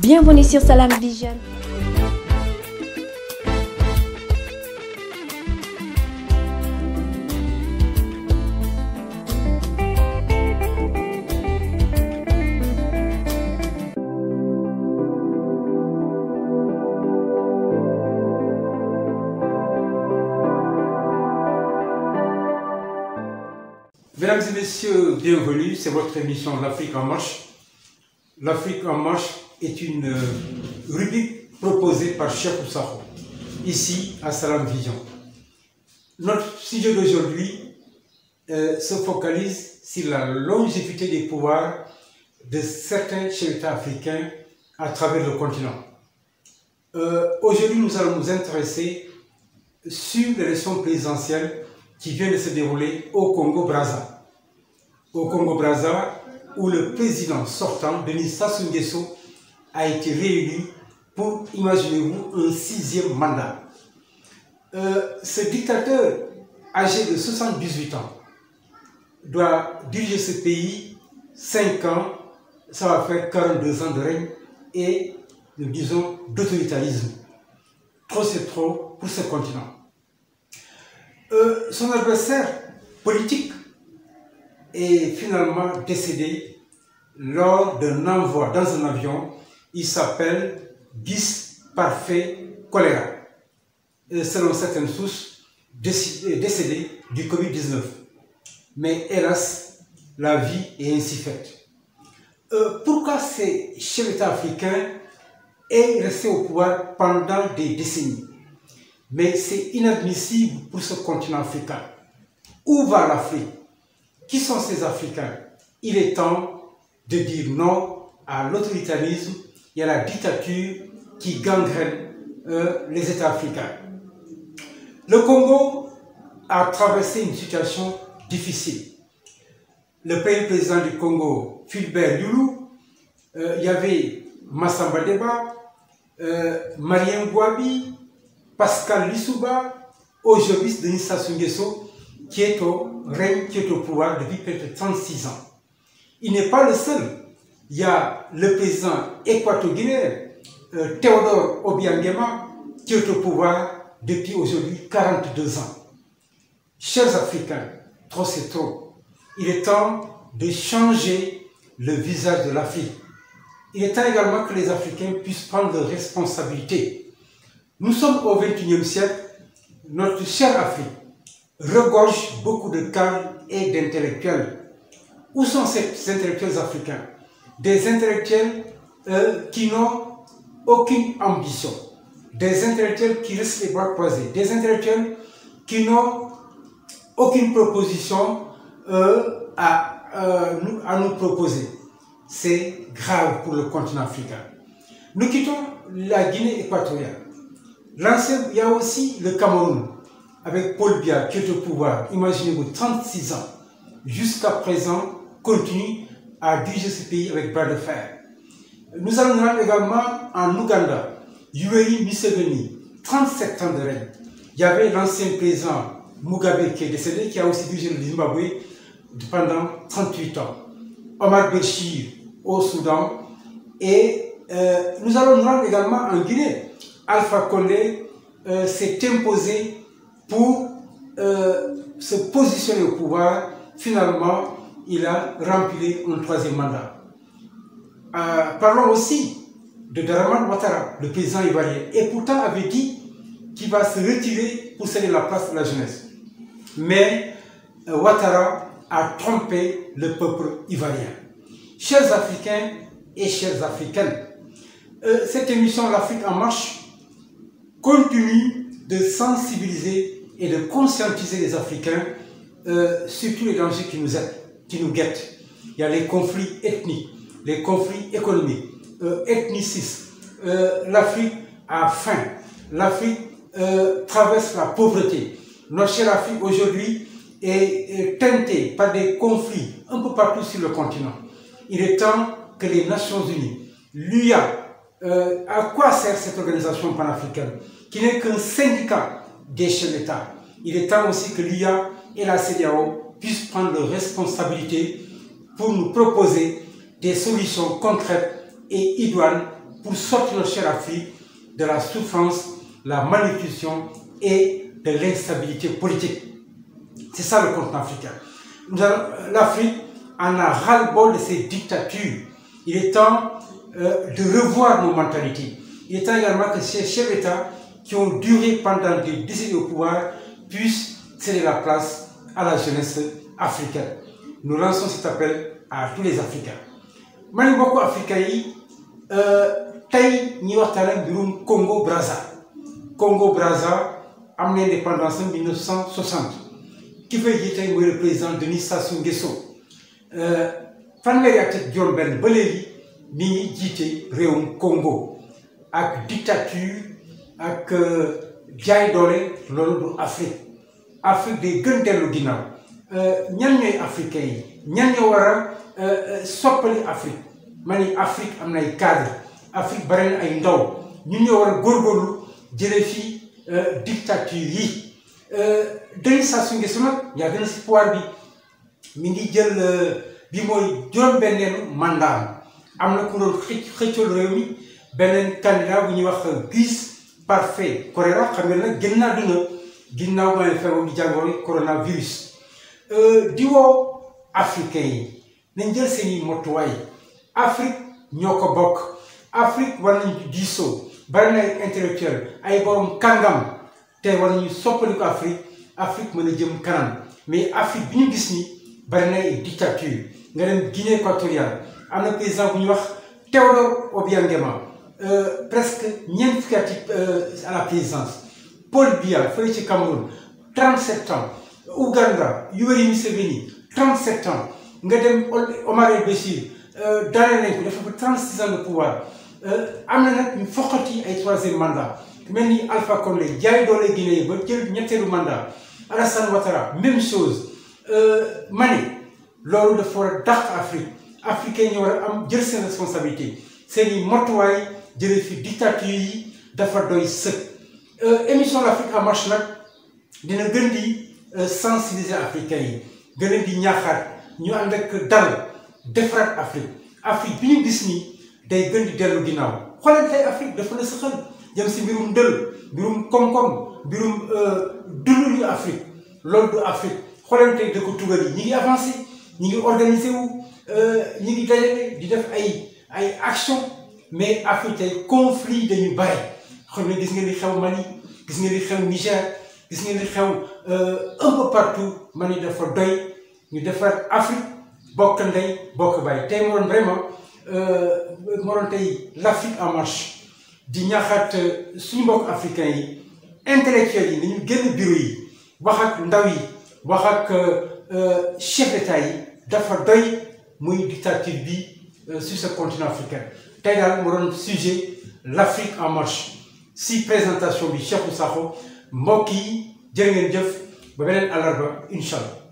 Bienvenue sur Salam Vision. Mesdames et messieurs, bienvenue. C'est votre émission L'Afrique en marche. L'Afrique en marche est une euh, rubrique proposée par Cheikh Ousako, ici à Salam Vision. Notre sujet d'aujourd'hui euh, se focalise sur la longévité des pouvoirs de certains chefs africains à travers le continent. Euh, Aujourd'hui, nous allons nous intéresser sur l'élection présidentielle qui vient de se dérouler au Congo-Braza. Au Congo-Braza, où le président sortant, Denis Sassou Nguesso, a été réuni pour, imaginez-vous, un sixième mandat. Euh, ce dictateur, âgé de 78 ans, doit diriger ce pays 5 ans, ça va faire 42 ans de règne et, nous disons, d'autoritarisme. Trop c'est trop pour ce continent. Euh, son adversaire politique est finalement décédé lors d'un envoi dans un avion il s'appelle 10 parfaits choléra, selon certaines sources, décédé du covid Mais hélas, la vie est ainsi faite. Euh, pourquoi ces chefs d'État africains est resté au pouvoir pendant des décennies Mais c'est inadmissible pour ce continent africain. Où va l'Afrique Qui sont ces Africains Il est temps de dire non à l'autoritarisme il y a la dictature qui gangrène euh, les États africains. Le Congo a traversé une situation difficile. Le pays président du Congo, Fulbert Loulou, euh, il y avait Massamba Deba, euh, Pascal Lissouba, aujourd'hui Denis Sassou Nguesso, qui est au règne, qui est au depuis peut-être ans. Il n'est pas le seul il y a le président équato-guinéen, euh, Théodore Obiangema, qui est au pouvoir depuis aujourd'hui 42 ans. Chers Africains, trop c'est trop. Il est temps de changer le visage de l'Afrique. Il est temps également que les Africains puissent prendre leurs responsabilités. Nous sommes des intellectuels euh, qui n'ont aucune ambition, des intellectuels qui risquent les bras croisés, des intellectuels qui n'ont aucune proposition euh, à, euh, nous, à nous pour le continent africain. Nous quittons la Guinée équatoriale. L'ancien, avec Paul Biya qui est au pouvoir, imaginez-vous, 36 a dirigé ce pays de fer. Nous allons nous rendre également en Ouganda, Yoweri Museveni, 37 ans de règne. Il président Mugabe qui est décédé, qui a aussi dirigé le Zimbabwe pendant 38 ans. Omar au Soudan. Et euh, nous allons nous rendre également en euh, pour euh, se positionner au pouvoir il a rempli un troisième mandat. Euh, parlons aussi de Daraman Ouattara, le président ivoirien, et pourtant avait dit qu'il va se retirer pour céder la place de la jeunesse. Mais euh, a trompé le peuple ivoirien. Chers Africains et chères Africaines, euh, cette émission L'Afrique en marche continue de sensibiliser et de conscientiser les Africains euh, sur tous les qui nous aident. qui nous guettent. Il y a les conflits ethniques, les conflits économiques, euh, ethnicistes. Euh, L'Afrique a faim. L'Afrique euh, traverse la pauvreté. Notre chère Afrique aujourd'hui est, est par des conflits un peu partout sur le continent. Il est temps que les Nations Unies, l'UIA, euh, à quoi sert cette organisation panafricaine qui n'est qu'un syndicat des chefs d'État. Il est temps aussi que l'UIA et la CDAO puissent prendre leurs responsabilités pour nous proposer des solutions concrètes et idoines pour sortir nos chers de la souffrance, la malnutrition et de l'instabilité politique. C'est ça le continent africain. Euh, L'Afrique en a ras-le-bol de ses dictatures. Il est temps euh, de revoir nos mentalités. Il est temps également que ces chefs d'État qui ont duré pendant des décennies au pouvoir puissent céder la place à la jeunesse africaine nous lançons cet appel à tous les africains ma ne mbokku yi euh, tey ñi waxtaan ak mbirum Congo Brazza Congo Brazza am na indépendance en 1960 ki fay jiite mooy le président Denis Sassou Nguesso euh, fanweeri at ak ba léegi mi ngi jiite réewum Congo ak dictature ak euh, jaay doole loolu du Afrique. Afrique day gën dellu ginnaaw euh, ñan ñooy africains yi ñan ñoo war a euh, euh, soppali Afrique ma ni Afrique am na ay cadre Afrique bare ay ndaw ñu ñoo war a góorgóorlu jëlee fii dictature yi Denis Sassou Nguesso nag yaa gën a si pouvoir bi mi ngi jël bi mooy juróom-benneelu mandat am na ku doon xëcc xëccool réew mi beneen candidat bu ñuy wax Guy Parfait Korea xam nga la génn naa duna ginnaaw ba leen feebaru jàngoro yi coronavirus euh, di woo africain yi nañ jël seeni motuwaay Afrique ñoo ko bokk Afrique war nañu diisoo bari na ay intellectuel ay borom kàngam te war nañu soppali ko Afrique Afrique mën a jëm kanam mais Afrique bi ñu gis ni bari na ay dictature nga dem Guinée équatoriale am na président bu ñu wax Théodore Obiang Nguema euh, presque ñeent fukki at euh, à la présidence Paul Biya fële ci Cameroun 37 ans Ouganda Yoweri Museveni 37 ans nga dem Omar El Béchir euh, daaneel nañ ko dafa ba 36 ans de pouvoir euh, am na nag ñu foqati ay troisième mandat mel ni Alpha Condé jaay doole Guinée ba jël ñetteelu mandat Alassane Ouattara même chose euh, ma loolu dafa war a dàq Afrique africain ñoo war am jël seen responsabilité seen i motuwaay jëlee fi dictature yi dafa doy sëkk. Euh, émission l'Afrique en marche nag dina gën di euh, sensibiliser africains yi gën leen di ñaaxaat ñu ànd ak dal defaraat Afrique Afrique bi ñu gis nii day gën di dellu xole xoolee tey Afrique dafa la saxal jëm si mbirum dël mbirum koom-koom mbirum euh, dundu Afrique loolu du Afrique xoolee tey dëkk tugal yi ñi ngi avancé ñi ngi organisé wu ñi ngi dajale di def ay ay action mais Afrique tey conflit dañu bari xam ne gis nga li xew Mali gis nga li xew Niger gis ngeen li xew euh, un partout man yi dafa doy ñu defar Afrique bokk ndey bokk bàyyi tey moo doon vraiment euh, moo doon tey l'Afrique en marche di ñaaxaat euh, suñu mbokk africain yi intellectuels yi nañu génn bureau yi wax ak ndaw yi wax ak chef d'état yi dafa doy muy dictature bi sur sa continent africain tey daal moo doon sujet l'Afrique en marche si présentation bi Cheikhou Sakho mbokk yi jërë ngeen jëf ba beneen àllarba incha allah